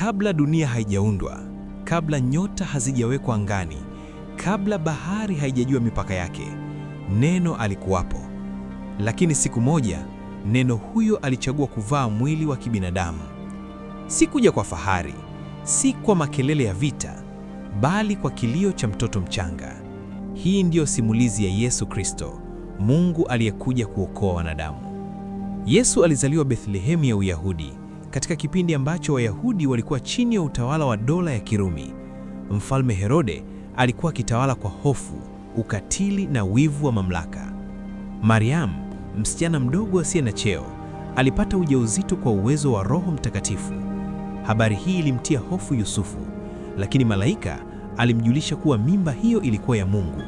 kabla dunia haijaundwa, kabla nyota hazijawekwa angani, kabla bahari haijajua mipaka yake, neno alikuwapo. Lakini siku moja neno huyo alichagua kuvaa mwili wa kibinadamu, si kuja kwa fahari, si kwa makelele ya vita, bali kwa kilio cha mtoto mchanga. Hii ndiyo simulizi ya Yesu Kristo, Mungu aliyekuja kuokoa wanadamu. Yesu alizaliwa Bethlehemu ya Uyahudi, katika kipindi ambacho Wayahudi walikuwa chini ya utawala wa dola ya Kirumi. Mfalme Herode alikuwa akitawala kwa hofu, ukatili na wivu wa mamlaka. Mariam, msichana mdogo asiye na cheo, alipata ujauzito kwa uwezo wa Roho Mtakatifu. Habari hii ilimtia hofu Yusufu, lakini malaika alimjulisha kuwa mimba hiyo ilikuwa ya Mungu.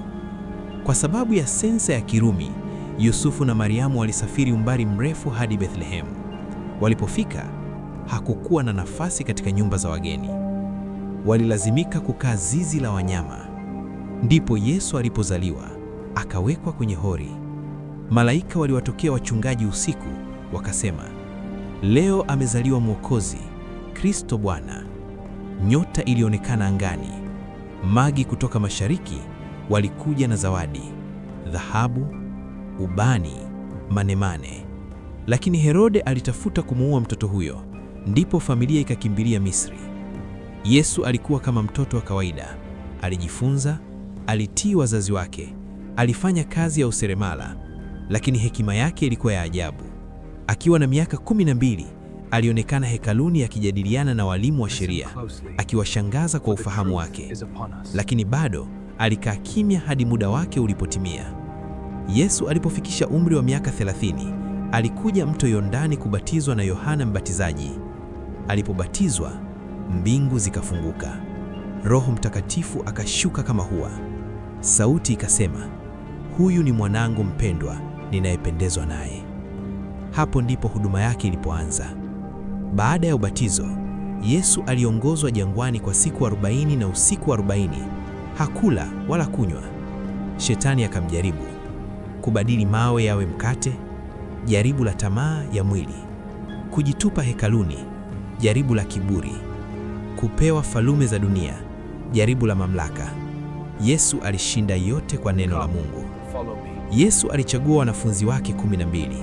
Kwa sababu ya sensa ya Kirumi, Yusufu na Mariamu walisafiri umbali mrefu hadi Bethlehemu. Walipofika hakukuwa na nafasi katika nyumba za wageni. Walilazimika kukaa zizi la wanyama. Ndipo Yesu alipozaliwa, akawekwa kwenye hori. Malaika waliwatokea wachungaji usiku, wakasema, leo amezaliwa Mwokozi, Kristo Bwana. Nyota ilionekana angani, magi kutoka mashariki walikuja na zawadi, dhahabu, ubani, manemane. Lakini Herode alitafuta kumuua mtoto huyo. Ndipo familia ikakimbilia Misri. Yesu alikuwa kama mtoto wa kawaida, alijifunza, alitii wazazi wake, alifanya kazi ya useremala, lakini hekima yake ilikuwa ya ajabu. Akiwa na miaka kumi na mbili alionekana hekaluni akijadiliana na walimu wa sheria, akiwashangaza kwa ufahamu wake, lakini bado alikaa kimya hadi muda wake ulipotimia. Yesu alipofikisha umri wa miaka 30, alikuja mto Yordani kubatizwa na Yohana Mbatizaji. Alipobatizwa, mbingu zikafunguka, Roho Mtakatifu akashuka kama hua. Sauti ikasema, huyu ni mwanangu mpendwa, ninayependezwa naye. Hapo ndipo huduma yake ilipoanza. Baada ya ubatizo, Yesu aliongozwa jangwani kwa siku 40 na usiku 40. Hakula wala kunywa. Shetani akamjaribu kubadili mawe yawe mkate, jaribu la tamaa ya mwili, kujitupa hekaluni, jaribu la kiburi, kupewa falume za dunia, jaribu la mamlaka. Yesu alishinda yote kwa neno la Mungu. Yesu alichagua wanafunzi wake kumi na mbili: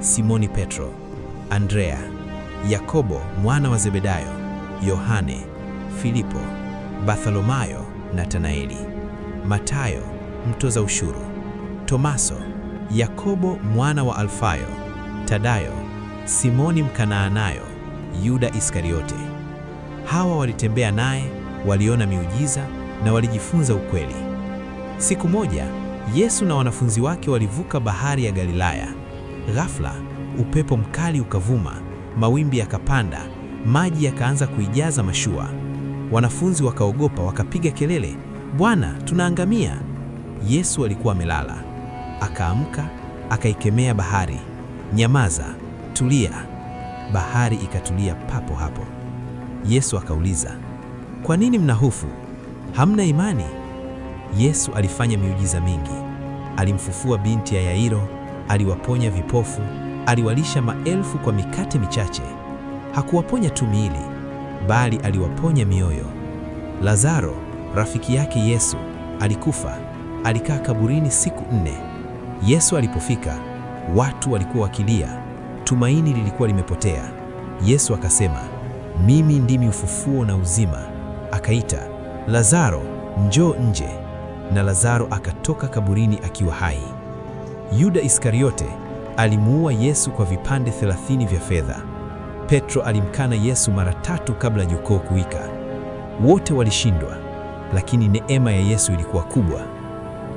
Simoni Petro, Andrea, Yakobo mwana wa Zebedayo, Yohane, Filipo, Bartholomayo, Natanaeli, Matayo mtoza ushuru, Tomaso, Yakobo mwana wa Alfayo, Tadayo, Simoni Mkanaanayo, Yuda Iskariote. Hawa walitembea naye, waliona miujiza na walijifunza ukweli. Siku moja, Yesu na wanafunzi wake walivuka bahari ya Galilaya. Ghafla, upepo mkali ukavuma, mawimbi yakapanda, maji yakaanza kuijaza mashua. Wanafunzi wakaogopa, wakapiga kelele, Bwana, tunaangamia! Yesu alikuwa amelala. Akaamka, akaikemea bahari, Nyamaza, tulia bahari ikatulia papo hapo. Yesu akauliza, kwa nini mnahofu? Hamna imani? Yesu alifanya miujiza mingi. Alimfufua binti ya Yairo, aliwaponya vipofu, aliwalisha maelfu kwa mikate michache. Hakuwaponya tu miili, bali aliwaponya mioyo. Lazaro, rafiki yake Yesu, alikufa, alikaa kaburini siku nne. Yesu alipofika, watu walikuwa wakilia tumaini lilikuwa limepotea. Yesu akasema, mimi ndimi ufufuo na uzima. Akaita, Lazaro, njoo nje, na Lazaro akatoka kaburini akiwa hai. Yuda Iskariote alimuua Yesu kwa vipande thelathini vya fedha. Petro alimkana Yesu mara tatu kabla jokoo kuwika. Wote walishindwa, lakini neema ya Yesu ilikuwa kubwa.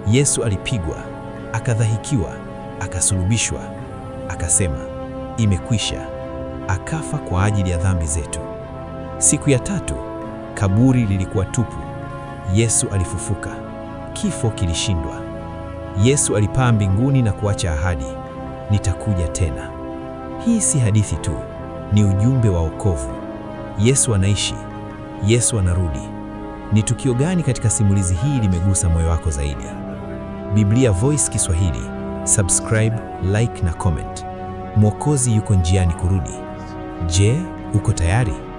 Yesu alipigwa, akadhahikiwa, akasulubishwa, akasema imekwisha, akafa kwa ajili ya dhambi zetu. Siku ya tatu kaburi lilikuwa tupu. Yesu alifufuka, kifo kilishindwa. Yesu alipaa mbinguni na kuacha ahadi, nitakuja tena. Hii si hadithi tu, ni ujumbe wa wokovu. Yesu anaishi, Yesu anarudi. Ni tukio gani katika simulizi hii limegusa moyo wako zaidi? Biblia Voice Kiswahili, subscribe, like na comment. Mwokozi yuko njiani kurudi. Je, uko tayari?